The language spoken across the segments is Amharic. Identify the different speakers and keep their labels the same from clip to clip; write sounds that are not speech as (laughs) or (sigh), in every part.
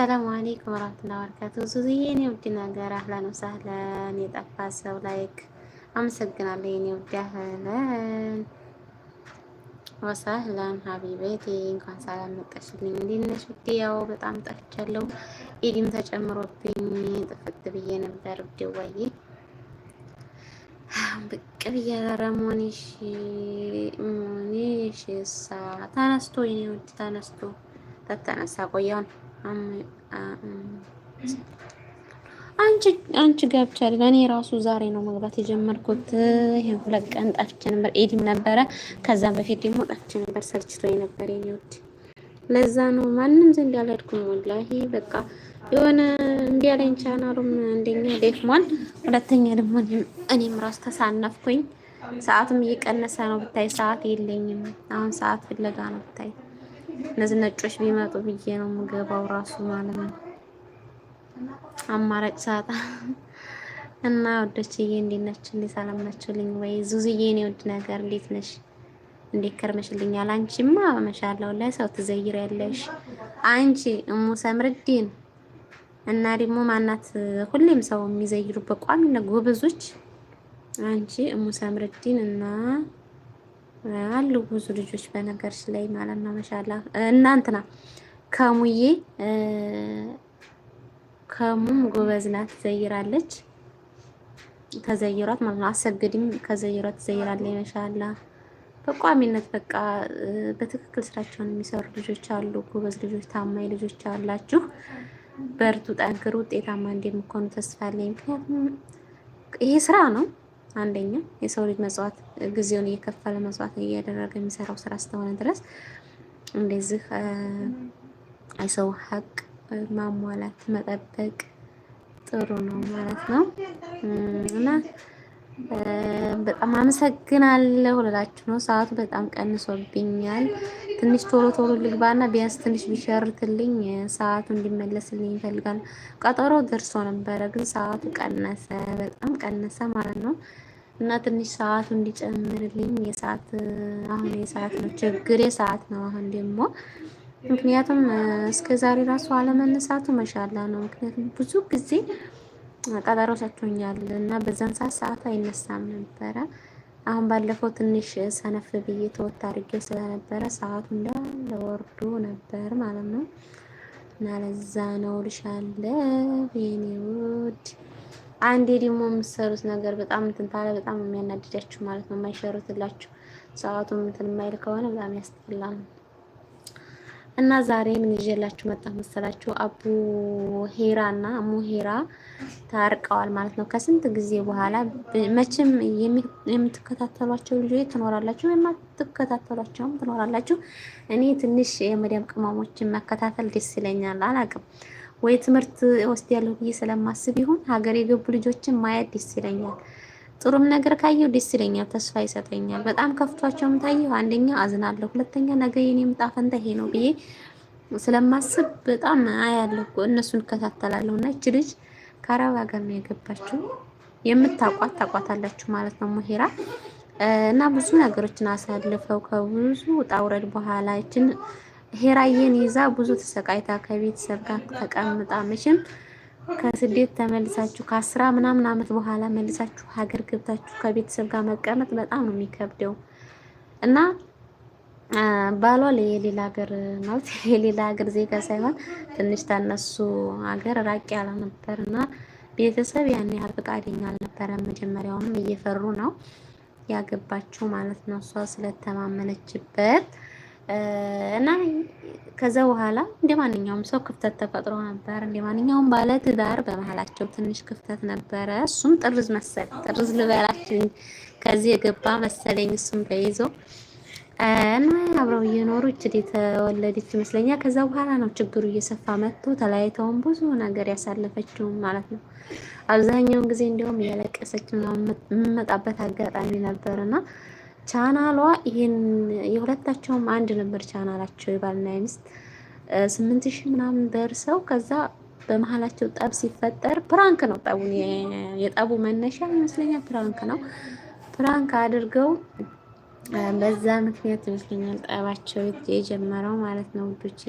Speaker 1: Assalamualaikum warahmatullahi wabarakatuh. Susi ini udah naga rahlan usahlan. Nih tak pas like. Amin segera ini udah rahlan. ወሳህላን ሀቢቤቴ እንኳን ሰላም መጣሽልኝ። እንዴት ነሽ ውዴ? ያው በጣም ጠፍቻለሁ። ኢዲም ተጨምሮብኝ ጥፍት ብዬ ነበር ውዴ። ዋዬ ብቅ ብዬ ረሞኒሽ ሞኒሽ ሳ ተነስቶ ይኔ ውድ ተነስቶ ተተነሳ ቆያውን አንቺ አንቺ ገብቻ አይደል? እኔ ራሱ ዛሬ ነው መግባት የጀመርኩት። ይሄ ሁለት ቀን ጠፍቼ ነበር። ኤዲም ነበረ፣ ከዛ በፊት ደግሞ ጠፍቼ ነበር። ሰልችቶኝ ነበር የኔ ውድ። ለዛ ነው ማንም ዘንድ አልሄድኩም። ወላሂ በቃ የሆነ እንዲህ ያለኝ ቻናሉም አንደኛ ደክሟል፣ ሁለተኛ ደግሞ እኔም ራሱ ተሳነፍኩኝ። ሰዓትም እየቀነሰ ነው ብታይ፣ ሰዓት የለኝም አሁን። ሰዓት ፍለጋ ነው ብታይ። እነዚህ ነጮች ቢመጡ ብዬ ነው የምገባው ራሱ ማለት ነው አማራጭ ሰዓት እና ወዶችዬ፣ እንዴት ናችሁ? እንዴት ሰላም ናችሁልኝ ወይ? ዙዙዬ፣ እኔ ውድ ነገር እንዴት ነሽ? እንዴት ከርመሽልኛል? አንቺማ ማሻአላህ ላይ ሰው ትዘይሪያለሽ አንቺ እሙ ሰምርዲን እና ደግሞ ማናት ሁሌም ሰው የሚዘይሩበት ቋሚነት ጎበዞች አንቺ እሙ ሰምርዲን እና አሉ ብዙ ልጆች በነገርሽ ላይ ማለት ነው። ማሻአላ እናንትና ከሙዬ ከሙም ጎበዝ ናት ትዘይራለች። ከዘይሯት ማለት ነው። አሰግድም ከዘይሯት ትዘይራለች። ማሻአላ በቋሚነት በቃ በትክክል ስራቸውን የሚሰሩ ልጆች አሉ። ጎበዝ ልጆች፣ ታማኝ ልጆች አላችሁ። በርቱ፣ ጠንክሩ። ውጤታማ እንደምትሆኑ ተስፋ አለኝ። ምክንያቱም ይሄ ስራ ነው። አንደኛ የሰው ልጅ መስዋዕት ጊዜውን እየከፈለ መስዋዕት እያደረገ የሚሰራው ስራ ስለሆነ ድረስ እንደዚህ የሰው ሀቅ ማሟላት መጠበቅ ጥሩ ነው ማለት ነው እና በጣም አመሰግናለሁ ልላችሁ ነው። ሰዓቱ በጣም ቀንሶብኛል። ትንሽ ቶሎ ቶሎ ልግባና ቢያንስ ትንሽ ቢሸርትልኝ ሰዓቱ እንዲመለስልኝ ይፈልጋል። ቀጠሮ ደርሶ ነበረ ግን ሰዓቱ ቀነሰ፣ በጣም ቀነሰ ማለት ነው እና ትንሽ ሰዓቱ እንዲጨምርልኝ የሰዓት አሁን የሰዓት ነው ችግር የሰዓት ነው አሁን ደግሞ ምክንያቱም እስከ ዛሬ ራሱ አለመነሳቱ መሻላ ነው። ምክንያቱም ብዙ ጊዜ ቀጠሮ ሰጥቶኛል እና በዛን ሰዓት ሰዓት አይነሳም ነበረ። አሁን ባለፈው ትንሽ ሰነፍ ብዬ ተወት አድርጌው ስለነበረ ሰዓቱ እንዳለ ወርዶ ነበር ማለት ነው። እና ለዛ ነው ልሻለ የኔ ውድ። አንዴ ደግሞ የምትሰሩት ነገር በጣም እንትን ታለ በጣም የሚያናድዳችሁ ማለት ነው። የማይሸሩትላችሁ ሰዓቱ እንትን የማይል ከሆነ በጣም ያስጠላል። እና ዛሬ ምን ይዤላችሁ መጣ መሰላችሁ? አቡ ሄራ እና አሙ ሄራ ታርቀዋል ማለት ነው። ከስንት ጊዜ በኋላ መቼም የምትከታተሏቸው ልጆች ትኖራላችሁ፣ የማትከታተሏቸውም ትኖራላችሁ። እኔ ትንሽ የመዲያም ቅመሞችን መከታተል ደስ ይለኛል። አላቅም ወይ ትምህርት ወስድ ያለሁ ብዬ ስለማስብ ይሁን ሀገር የገቡ ልጆችን ማየት ደስ ይለኛል። ጥሩም ነገር ካየሁ ደስ ይለኛል፣ ተስፋ ይሰጠኛል። በጣም ከፍቷቸውም ታየሁ፣ አንደኛ አዝናለሁ፣ ሁለተኛ ነገ የኔም ዕጣ ይሄ ነው ብዬ ስለማስብ በጣም አያለሁ፣ እነሱን እከታተላለሁ። እና እች ልጅ ከአረብ ሀገር ነው የገባችው፣ የምታቋት ታቋታላችሁ ማለት ነው ሙሄራ እና ብዙ ነገሮችን አሳልፈው ከብዙ ውጣ ውረድ በኋላ ይችን ሄራዬን ይዛ ብዙ ተሰቃይታ ከቤተሰብ ጋር ተቀምጣ መቼም ከስደት ተመልሳችሁ ከአስራ ምናምን ዓመት በኋላ መልሳችሁ ሀገር ገብታችሁ ከቤተሰብ ጋር መቀመጥ በጣም ነው የሚከብደው እና ባሏ የሌላ ሀገር ማለት (laughs) የሌላ ሀገር ዜጋ ሳይሆን ትንሽ ታነሱ ሀገር ራቅ ያለ ነበር እና ቤተሰብ ያን ያህል ፈቃደኛ አልነበረም። መጀመሪያውንም እየፈሩ ነው ያገባቸው ማለት ነው እሷ ስለተማመነችበት እና ከዛ በኋላ እንደ ማንኛውም ሰው ክፍተት ተፈጥሮ ነበር። እንደ ማንኛውም ባለ ትዳር በመሀላቸው ትንሽ ክፍተት ነበረ። እሱም ጥርዝ መሰል ጥርዝ ልበላችን ከዚህ የገባ መሰለኝ። እሱም ተይዞ እና አብረው እየኖሩ እችል የተወለደች ይመስለኛል። ከዛ በኋላ ነው ችግሩ እየሰፋ መጥቶ ተለያይተውን ብዙ ነገር ያሳለፈችው ማለት ነው። አብዛኛውን ጊዜ እንዲሁም እያለቀሰች የምመጣበት አጋጣሚ ነበርና ቻናሏ ይሄን የሁለታቸውም አንድ ነበር ቻናላቸው የባልና የሚስት ስምንት ሺህ ምናምን ደርሰው ከዛ በመሀላቸው ጠብ ሲፈጠር ፕራንክ ነው ጠቡን የጠቡ መነሻ ይመስለኛል ፕራንክ ነው ፕራንክ አድርገው በዛ ምክንያት ይመስለኛል ጠባቸው የጀመረው ማለት ነው ውዶቼ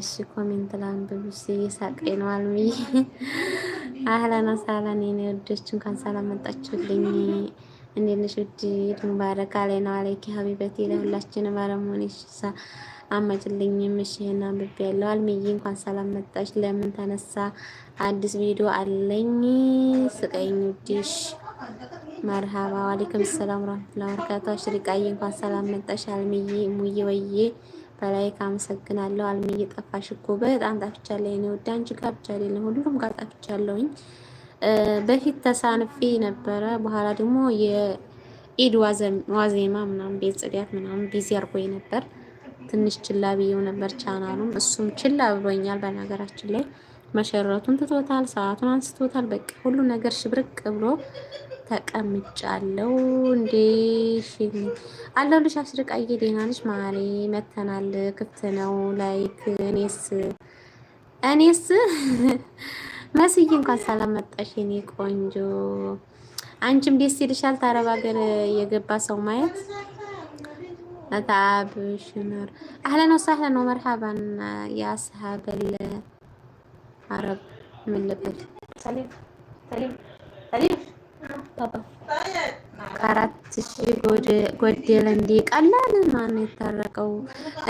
Speaker 1: እሺ ኮሜንት ላንብብ እየሳቀኝ ነው አልምዬ አህላን ሳላን የኔ ወዶች እንኳን ሰላም መጣችሁልኝ። እንዴት ነሽ ውድ ሙባረክ አለና አለይኪ ሀቢበቲ ለሁላችንም ባለመሆንሽ ሳ አመጭልኝ ምሽህና ብብ ያለው አልሚዬ እንኳን ሰላም መጣች። ለምን ተነሳ አዲስ ቪዲዮ አለኝ ስቀኝ ውድሽ መርሃባ ዋሌኩም ሰላም ረመቱላ በረካቱ። ሽሪቃዬ እንኳን ሰላም መጣሽ። አልሚዬ ሙዬ ወዬ በላይ ካመሰግናለሁ። አልሚ ጠፋሽ እኮ በጣም ጠፍቻለሁ። እኔ ወደ አንቺ ጋር ብቻ አይደለም ሁሉም ጋር ጠፍቻለሁኝ። በፊት ተሳንፌ ነበረ። በኋላ ደግሞ የኢድ ዋዜማ ምናምን ቤት ጽዳት ምናምን ቢዚ አርጎኝ ነበር። ትንሽ ችላ ብዬው ነበር ቻናሉም፣ እሱም ችላ ብሎኛል። በነገራችን ላይ መሸረቱን ትቶታል፣ ሰዓቱን አንስቶታል። በቃ ሁሉ ነገር ሽብርቅ ብሎ ተቀምጫለው። እንዴ? አለሁልሽ። አሽርቃዬ ደህና ነሽ ማሬ? መተናል። ክፍት ነው ላይክ። እኔስ እኔስ (laughs) መስዬ እንኳን ሰላም መጣሽ የኔ ቆንጆ። አንቺም ደስ ይልሻል ታረብ ሀገር
Speaker 2: የገባ ሰው ማየት። አታብ ሽመር
Speaker 1: አህለን ወሰህለን ወመርሐባን ያ ሰሃበል አረብ ምን ልበል አራት ሺህ ጎደለ እንዴ! ቀላል ማን የታረቀው?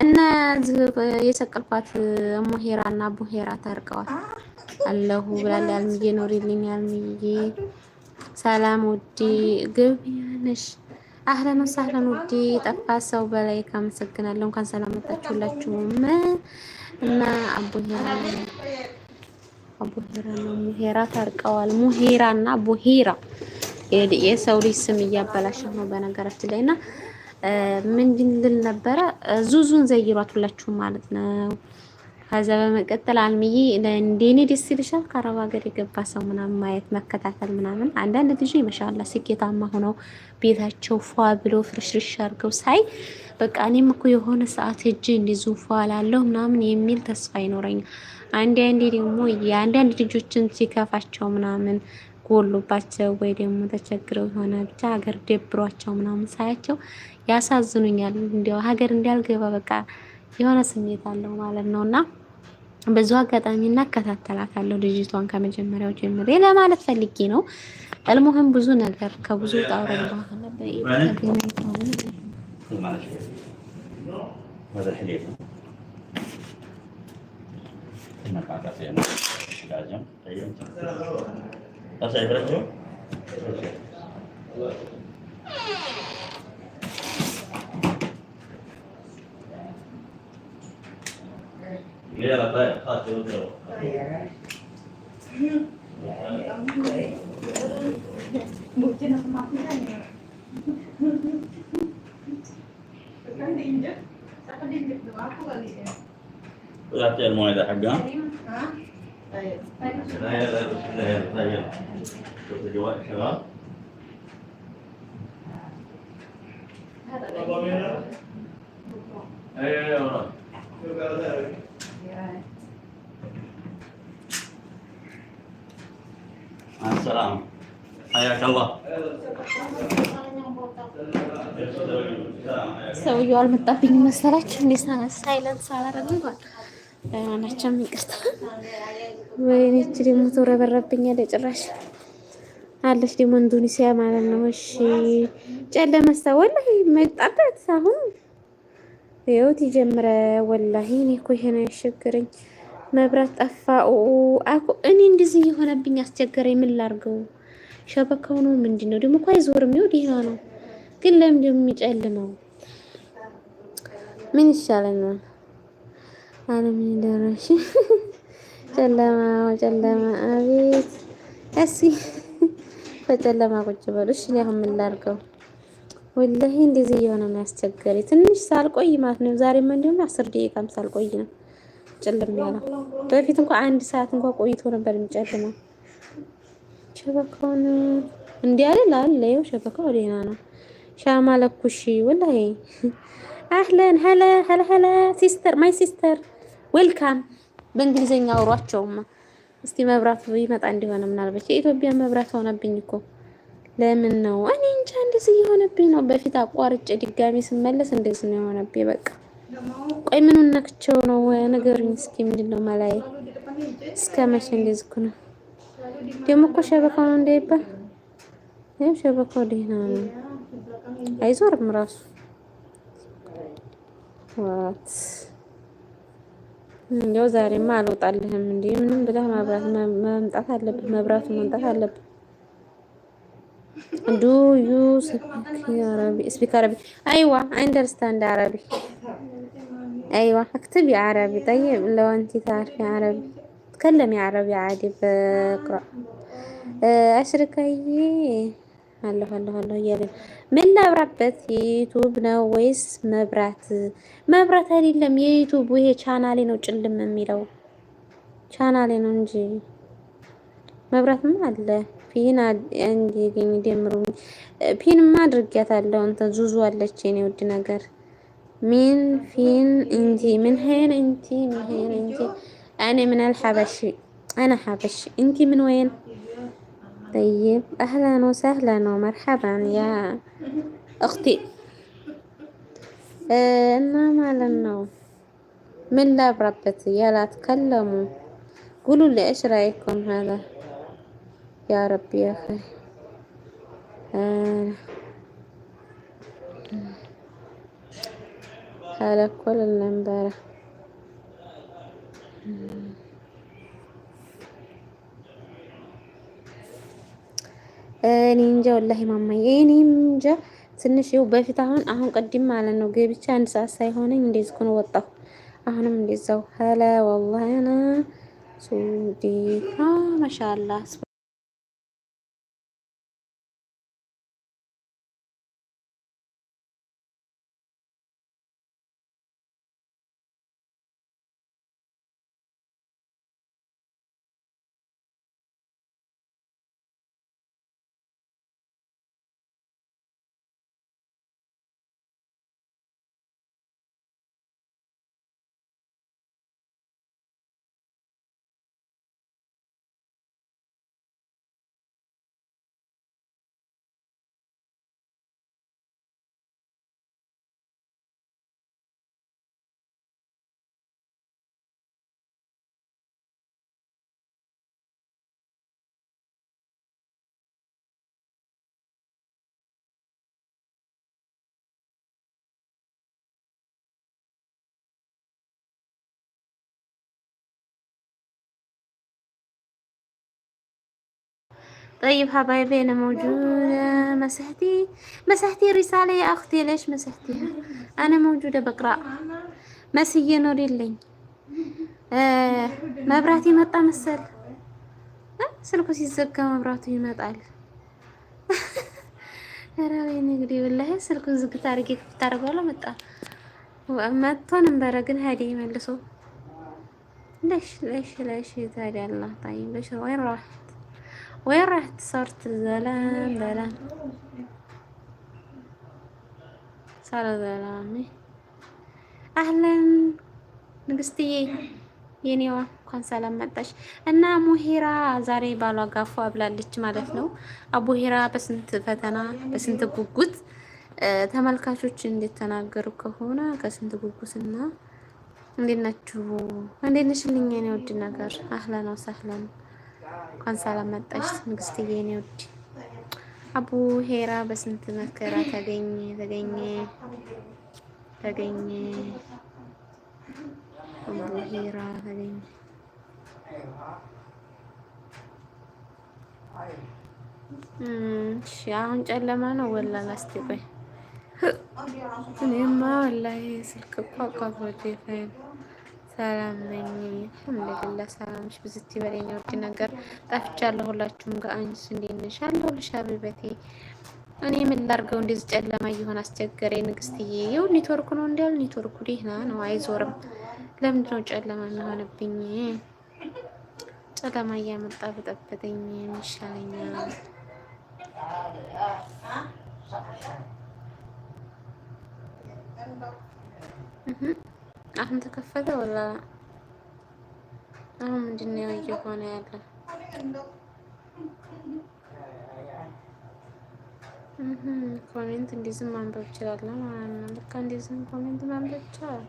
Speaker 1: እና የሰቀልኳት ሞሄራ እና ቡሄራ ታርቀዋል አለሁ ብላለ። አልምዬ ኖሪልኝ አልምዬ። ሰላም ውዴ፣ ገቢያ ነሽ? አህለን ወሳህለን ውዴ። ጠፋ ሰው በላይ ካመሰግናለሁ። እንኳን ሰላም መጣችሁ እና አቡሄራ አቡሄራ ነው ሙሄራ ታርቀዋል። ሙሄራ እና ቡሄራ የሰው ልጅ ስም እያበላሸ ነው በነገራችን ላይ እና ምንድን ልል ነበረ ዙዙን ዘይሯት ሁላችሁም ማለት ነው። ከዛ በመቀጠል አልምዬ እንደኔ ደስ ይልሻል ከአረብ ሀገር የገባ ሰው ምናምን ማየት መከታተል ምናምን አንዳንድ ጊዜ ይመሻላ ስኬታማ ሆነው ቤታቸው ፏ ብሎ ፍርሽርሽ አድርገው ሳይ በቃ እኔም እኮ የሆነ ሰዓት እጅ እንዲዙ ፏ ላለሁ ምናምን የሚል ተስፋ ይኖረኛል። አንዳንዴ ደግሞ የአንዳንድ ልጆችን ሲከፋቸው ምናምን ጎሎባቸው ወይ ደግሞ ተቸግረው የሆነ ብቻ ሀገር ደብሯቸው ምናምን ሳያቸው ያሳዝኑኛል። እንዲያው ሀገር እንዲያልገባ በቃ የሆነ ስሜት አለው ማለት ነው እና ብዙ አጋጣሚ እናከታተላታለሁ ልጅቷን ከመጀመሪያው ጀምሬ ለማለት ፈልጌ ነው። እልሙህም ብዙ ነገር ከብዙ ጣውረድ በኋላ আচ্ছা এবারে তো Mira la playa, hazte otro. Bucin aku makan ya. Kan diinjek, siapa diinjek doa aku kali ya? Latihan mulai dah agak. Şuraya ver, şuraya ver. Tamam. Çok da var. Şuna. Babamına. Ee, ona. Yok arada. Assalamu. ሰውየው አልመጣብኝም መሰላችሁ? እንዴት ሳይለንስ አላረግም ጓል ናቸው ይቅርታ። ወይኔች ደግሞ ተውረበረብኛል። ጭራሽ አለች ደግሞ ኢንዶኔሲያ ማለት ነው። እሺ ጨለመስታ ወላሂ መጣበት አሁን ይኸውት የጀመረ ወላሂ እኔ እኮ ይሄ ነው መብራት ጠፋ አኮ እኔ እንደዚህ የሆነብኝ አስቸገረኝ። ምን ላድርገው? ሸበካው ነው ምንድን ነው ደግሞ እኮ አይዞርም። ይኸው ዲና ነው ግን ለምንድን ነው የሚጨልመው? ምን ይሻለኛል? አለምዬ ደረሽ (laughs) ጨለማ ጨለማ አቤት እስኪ (laughs) በጨለማ ቁጭ በሉ እሺ እኔ አሁን ምን ላድርገው ወላሂ እንደዚህ እየሆነ ነው ያስቸገረኝ ትንሽ ሳልቆይ ማለት ነው ዛሬ ምን እንደሆነ አስር ደቂቃም ሳልቆይ ነው ጨለም ያለው በፊት እንኳ አንድ ሰዓት እንኳ ቆይቶ ነበር የሚጨልመው ሸበካውን እንዲያለ አለ ሸበካው ሌላ ነው ሻማ ለኩሽ ወላሂ (laughs) አህለን ሀላ ሀላ ሀላ ሲስተር ማይ ሲስተር ዌልካም በእንግሊዝኛ አውሯቸውማ። እስቲ መብራቱ ይመጣ እንደሆነ ምናልባት የኢትዮጵያ መብራት ሆነብኝ እኮ ለምን ነው? እኔ እንጃ እንደዚህ የሆነብኝ ነው። በፊት አቋርጬ ድጋሚ ስመለስ እንደዚህ ነው የሆነብኝ። በቃ ቆይ ምኑን ነክቸው ነው ነገሩኝ። እስኪ ነው መላይ እስከ መቼ እንደዚህ ነው ደግሞ እኮ ሸበካው ነው እንዳይባል ይሄ ሸበካው ደህና ነው፣ አይዞርም ራሱ ዋት እንዲያው ዛሬማ አልወጣልህም እንዴ? ምንም ብለህ መብራት መምጣት አለብህ። መብራቱ መምጣት አለብህ። ዱ ዩ ስፒክ አረቢ? አይዋ አንደርስታንድ አረቢ። አይዋ እክትቢ አረቢ። ጠይብ ለወንቲ ታርፊ አረቢ ትከለሚ አረቢ ዓዲ በቅራ አሽርካዬ አለሁ አለሁ አለሁ እያለን ምን ላብራበት? የዩቱብ ነው ወይስ መብራት? መብራት አይደለም የዩቱብ ይሄ ቻናሌ ነው ጭልም የሚለው ቻናሌ ነው እንጂ መብራትም አለ። ፒን እንዲገኝ ደምሩ። ፒንማ አድርጊያታለሁ። እንትን ዙዙ አለች የኔ ውድ ነገር ሚን ፊን እንቲ ምን ሄን እንቲ ምን ሄን እንቲ አኔ ምን አልሐበሺ አና ሐበሺ እንቲ ምን ወይን طيب أهلا وسهلا ومرحبا يا أختي آه النوم على النوم من لا بربتي يلا تكلموا قولوا لي إيش رأيكم هذا يا رب يا أخي آه. هذا كل اللي امبارح እኔ እንጃ ወላሂ ማማዬ፣ እኔ እንጃ ትንሽ ይኸው በፊት አሁን አሁን ቅድም ማለት ነው ገብቼ አንድ ሰዓት ሳይሆነኝ እንደዚህ ነው ወጣሁ። አሁንም እንደዛው ሀላ ወላሂ ና ሱዲ ማሻአላህ طيب حبايبي انا موجودة مسحتي مسحتي رسالة يا اختي ليش مسحتيها انا موجودة بقراء مسيه نوري لي آه مبراتي مطا مسل آه، سلكو سيزكا مبراتو يمطال راوي (laughs) نجري والله سلكو زك تارقي تارقو ولا مطا ومطا نمبر غن هادي يملسو ليش ليش ليش يتاري الله طيب ليش وين راح وين راح صرت زلام زلام صار زلامي اهلا ንግስትዬ የኔዋ እንኳን ሰላም መጣሽ። እና አቡሄራ ዛሬ ባሏ ጋፏ ብላለች ማለት ነው። አቡሄራ በስንት ፈተና በስንት ጉጉት ተመልካቾች እንደተናገሩ ከሆነ ከስንት ጉጉትና እንዴት ናችሁ? እንዴት ነሽልኝ የኔ ውድ ነገር አህለን ወሰህለን እንኳን ሰላም መጣሽ ንግስትዬ። የኔ ውድ አቡ ሄራ በስንት መከራ ተገኘ ተገኘ ተገኘ አቡ ሄራ ተገኘ። እሺ አሁን ጨለማ ነው ወላ ላስቲ እኔማ ወላ ስልክ እኮ አቋርጦ ሰላም ነኝ። አልሐምዱሊላህ ሰላምሽ ነሽ? ብዝት ይበለኝ። ውድ ነገር ጠፍቻለሁ። ሁላችሁም ጋር አንቺስ እንዴት ነሽ? አለሁልሽ ሀቢበቴ። እኔ ምን ላድርገው እንደዚህ ጨለማ እየሆነ አስቸገረ። ንግስትዬ ይኸው ኔትወርኩ ነው እንዳሉ ኔትወርኩ ደህና ነው አይዞርም። ለምንድን ነው ጨለማ የሚሆንብኝ? ጨለማ እያመጣ በጠበጠኝ ይሻለኛል። እህ አሁን ተከፈተ ወላ አሁን ምንድን ነው እየሆነ ያለው? ኮሜንት እንደዚህ ማንበብ ይችላል ማለት ነው። ልክ እንደዚህ ኮሜንት ማንበብ ይችላል።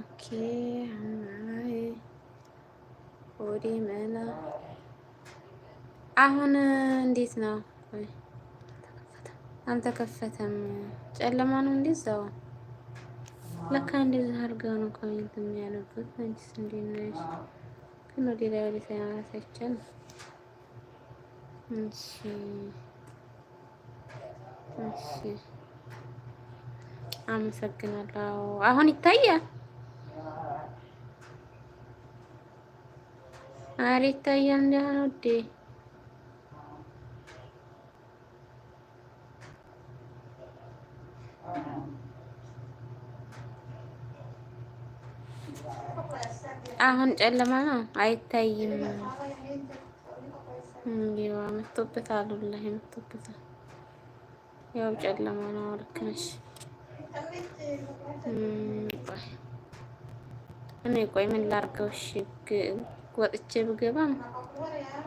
Speaker 1: ኦኬ አይ ወዲ መላ አሁን እንዴት ነው? አልተከፈተም። ጨለማ ነው እንደዛው ለካ እንደዚህ አድርጋ ነው ኮሜንት የሚያደርጉት። አንቺስ እንዴት ነሽ? ግን ወደ ላይ ወደ ተናራሳችን እሺ፣ እሺ፣ አመሰግናለሁ። አሁን ይታያል። አሬ ይታያል። እንዲህ ነው አሁን ጨለማ ነው አይታይም። እንዲዋ መጥቶበታል፣ ሁላ መጥቶበታል። ያው ጨለማ ነው። ልክ ነሽ። እኔ ቆይ ምን ላርገው? እሺ ወጥቼ ብገባም